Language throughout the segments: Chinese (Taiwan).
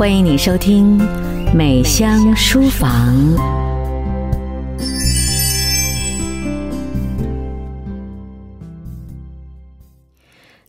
歡迎你收聽美香，美香書房。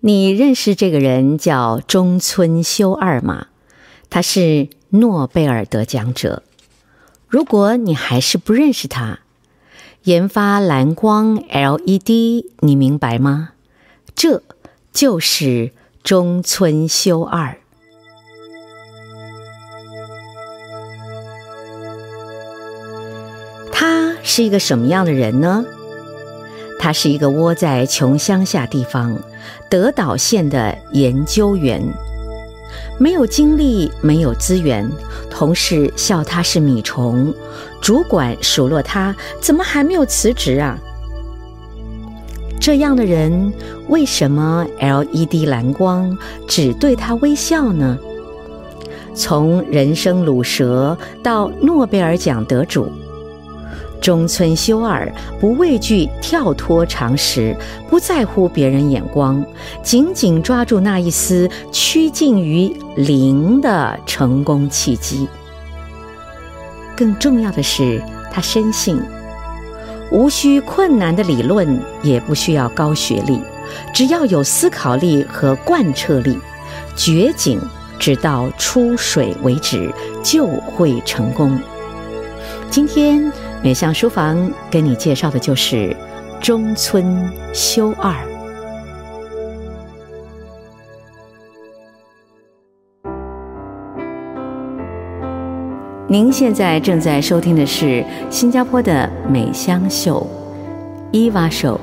你認識這個人叫中村修二嗎？他是諾貝爾得獎者。如果你還是不認識他，研發藍光 LED，你明白嗎？這就是中村修二。是一個什麼樣的人呢？他是一個窩在窮鄉下地方，德島縣的研究員，沒有精力，沒有資源，同事笑他是米蟲，主管數落他怎麼還沒有辭職啊？這樣的人為什麼 LED 藍光只對他微笑呢？從人生魯蛇到諾貝爾獎得主。中村修二不畏懼跳脫常識，不在乎別人眼光，緊緊抓住那一絲趨近於零的成功契機。更重要的是，他深信，無需困難的理論，也不需要高學歷，只要有思考力和貫徹力，掘井直到出水為止就會成功。今天。美香書房給你介紹的就是中村修二。您現在正在收聽的是新加坡的美香秀、伊娃秀。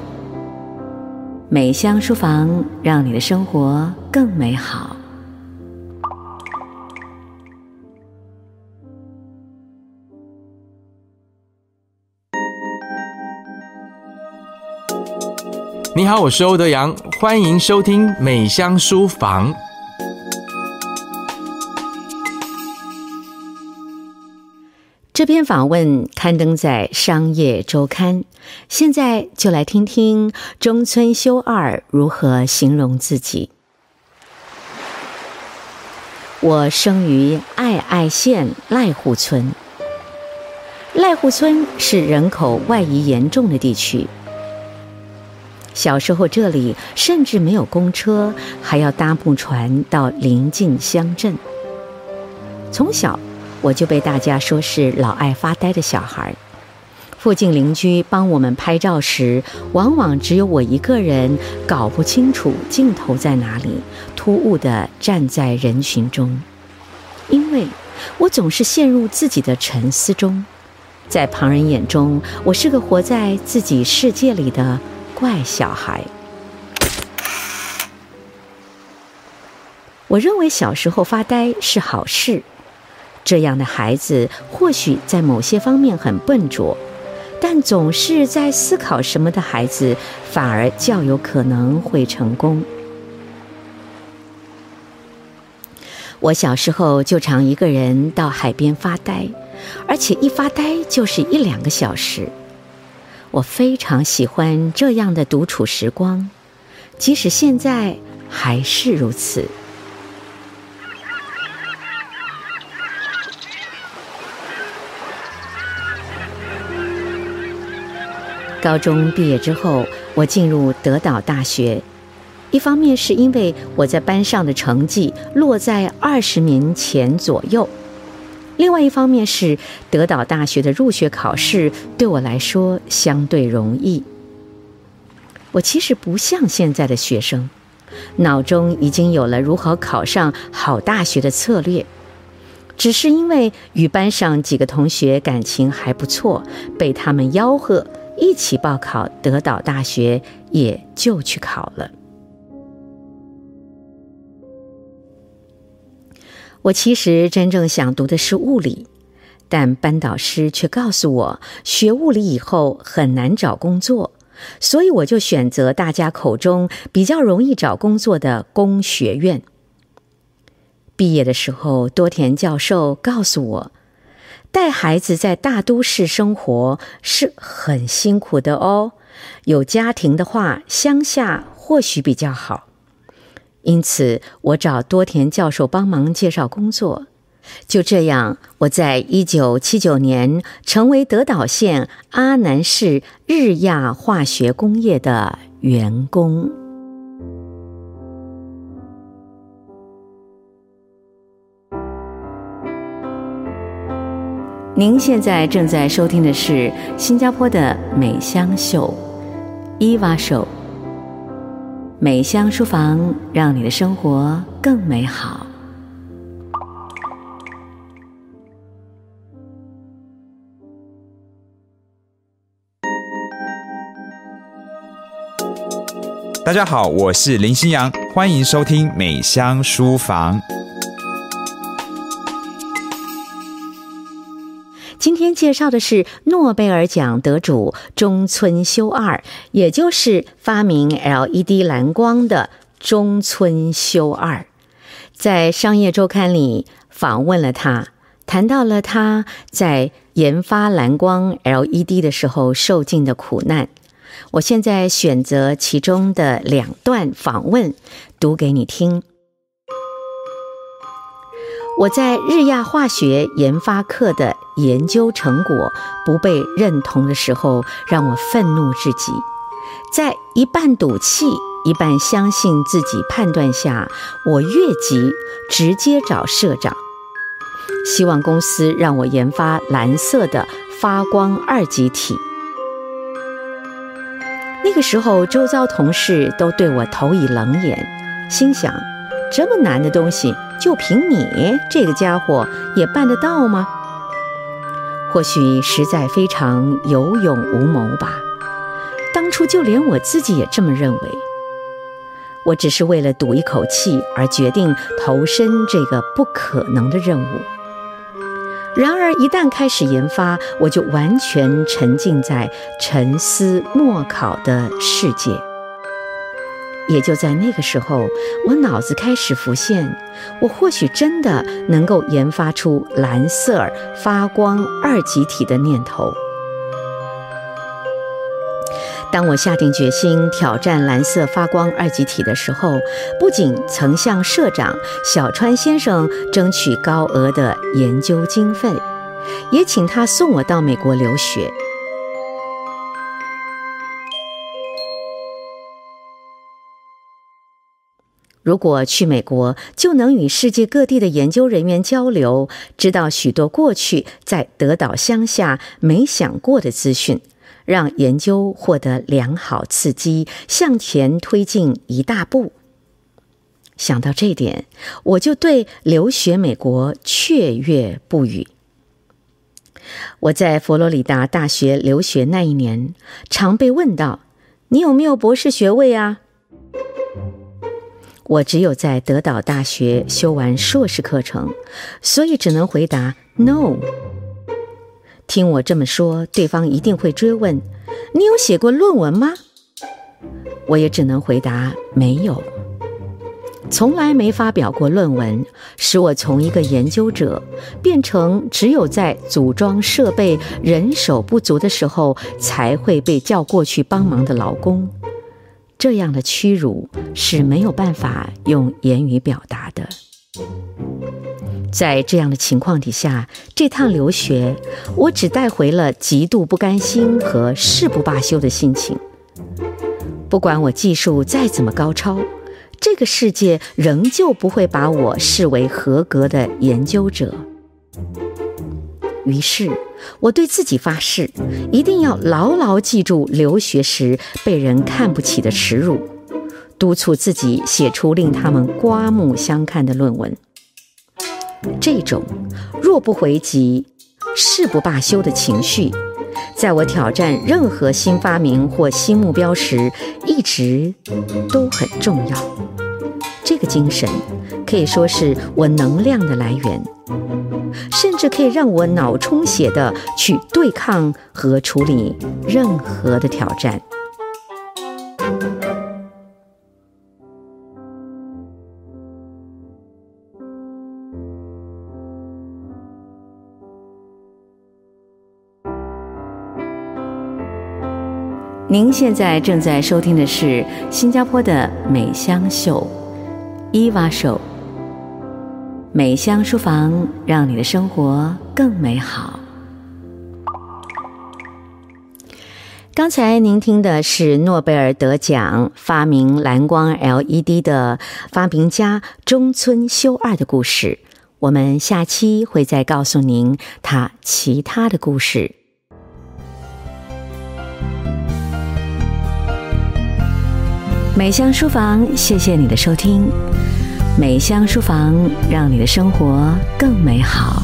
美香書房讓你的生活更美好。你好，我是歐德陽，歡迎收聽《美香書房》。這篇訪問刊登在《商業週刊》，現在就來聽聽中村修二如何形容自己。我生於愛愛縣瀨戶村，瀨戶村是人口外移嚴重的地區。小時候，這裡甚至沒有公車，還要搭木船到鄰近鄉鎮。從小，我就被大家說是老愛發呆的小孩。附近鄰居幫我們拍照時，往往只有我一個人，搞不清楚鏡頭在哪裡，突兀地站在人群中。因為，我總是陷入自己的沉思中，在旁人眼中，我是個活在自己世界裡的。怪小孩。我認為小時候發呆是好事。這樣的孩子或許在某些方面很笨拙，但總是在思考什麼的孩子，反而較有可能會成功。我小時候就常一個人到海邊發呆，而且一發呆就是一兩個小時。我非常喜歡這樣的獨處時光，即使現在還是如此。高中畢業之後，我進入德島大學，一方面是因為我在班上的成績落在二十名前左右。另外一方面是，德島大學的入學考試對我來說相對容易。我其實不像現在的學生，腦中已經有了如何考上好大學的策略，只是因為與班上幾個同學感情還不錯，被他們吆喝一起報考德島大學，也就去考了。我其實真正想讀的是物理，但班導師卻告訴我，學物理以後很難找工作，所以我就選擇大家口中比較容易找工作的工學院。畢業的時候，多田教授告訴我，帶孩子在大都市生活是很辛苦的哦，有家庭的話，鄉下或許比較好。因此，我找多田教授幫忙介紹工作。就這樣，我在一九七九年成為德島縣阿南市日亞化學工業的員工。您現在正在收聽的是新加坡的美香秀，伊娃秀。美香書房，讓你的生活更美好。大家好，我是林新陽，歡迎收聽美香書房。介紹的是諾貝爾獎得主中村修二，也就是發明 LED 藍光的中村修二，在《商業週刊》裡訪問了他，談到了他在研發藍光 LED 的時候受盡的苦難。我現在選擇其中的兩段訪問，讀給你聽。我在日亞化學研發課的研究成果不被認同的時候，讓我憤怒至極。在一半賭氣、一半相信自己判斷下，我越級直接找社長，希望公司讓我研發藍色的發光二極體。那個時候，周遭同事都對我投以冷眼，心想：這麼難的東西。就憑你這個家伙也辦得到嗎？或許實在非常有勇無謀吧。當初就連我自己也這麼認為。我只是為了賭一口氣而決定投身這個不可能的任務。然而一旦開始研發，我就完全沉浸在沉思默考的世界。也就在那個時候，我腦子開始浮現，我或許真的能夠研發出藍色發光二極體的念頭。當我下定決心挑戰藍色發光二極體的時候，不僅曾向社長小川先生爭取高額的研究經費，也請他送我到美國留學。如果去美國，就能與世界各地的研究人員交流，知道許多過去在德島鄉下沒想過的資訊，讓研究獲得良好刺激，向前推進一大步。想到這點，我就對留學美國雀躍不已。我在佛羅里達大學留學那一年，常被問到：“你有沒有博士學位啊？”我只有在德島大學修完碩士課程，所以只能回答 “no”。聽我這麼說，對方一定會追問：“你有寫過論文嗎？”我也只能回答“沒有”，從來沒發表過論文，使我從一個研究者變成只有在組裝設備、人手不足的時候才會被叫過去幫忙的勞工。這樣的屈辱是沒有辦法用言語表達的。在這樣的情況底下，這趟留學，我只帶回了極度不甘心和誓不罷休的心情。不管我技術再怎麼高超，這個世界仍舊不會把我視為合格的研究者。於是，我對自己發誓，一定要牢牢記住留學時被人看不起的恥辱，督促自己寫出令他們刮目相看的論文。這種若不回擊，誓不罷休的情緒，在我挑戰任何新發明或新目標時，一直都很重要。這個精神可以說是我能量的來源，甚至可以讓我腦充血的去對抗和處理任何的挑戰。您現在正在收聽的是新加坡的美香秀、伊娃秀。美香書房讓你的生活更美好。剛才您聽的是諾貝爾得獎、發明藍光 LED 的發明家中村修二的故事。我們下期會再告訴您他其他的故事。美香書房，謝謝你的收聽。美香書房，讓你的生活更美好。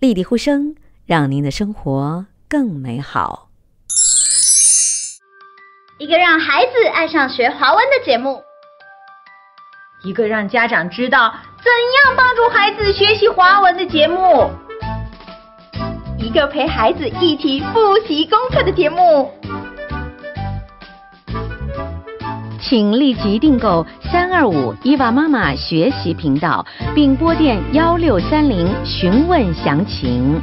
麗麗呼聲，讓您的生活更美好。一個讓孩子愛上學華文的節目，一個讓家長知道怎樣幫助孩子學習華文的節目。一個陪孩子一起複習功課的節目，請立即訂購三二五伊娃媽媽學習頻道，並撥電幺六三零詢問詳情。